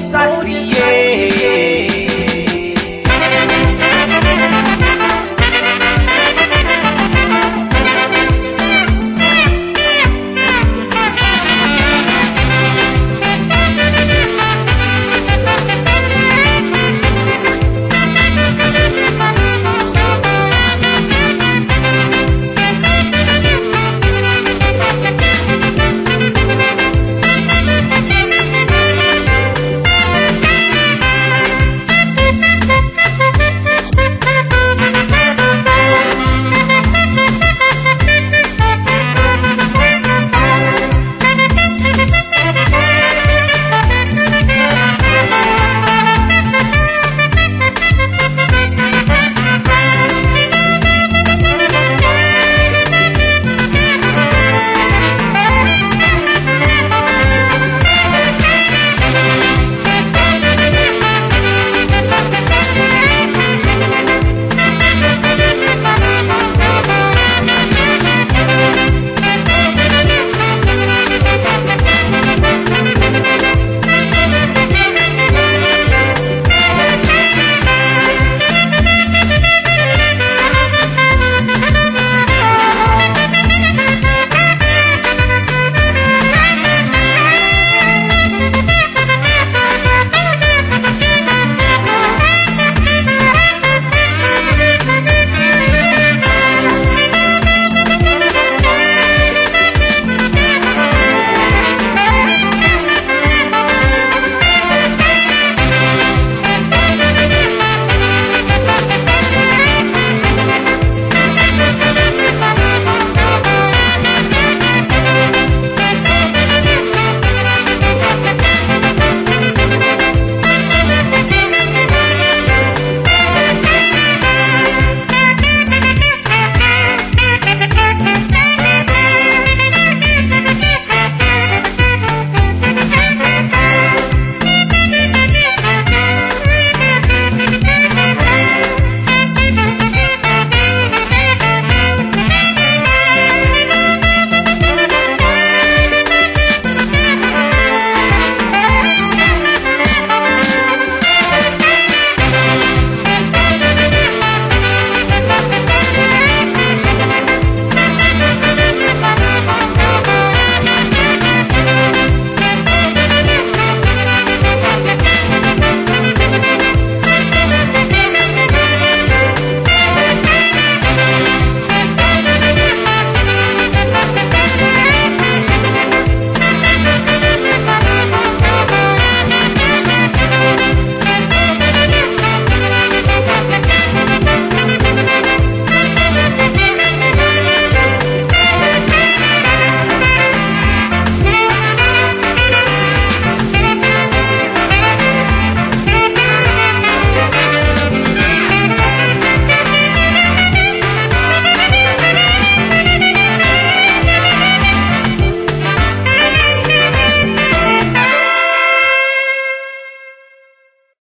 satisfied.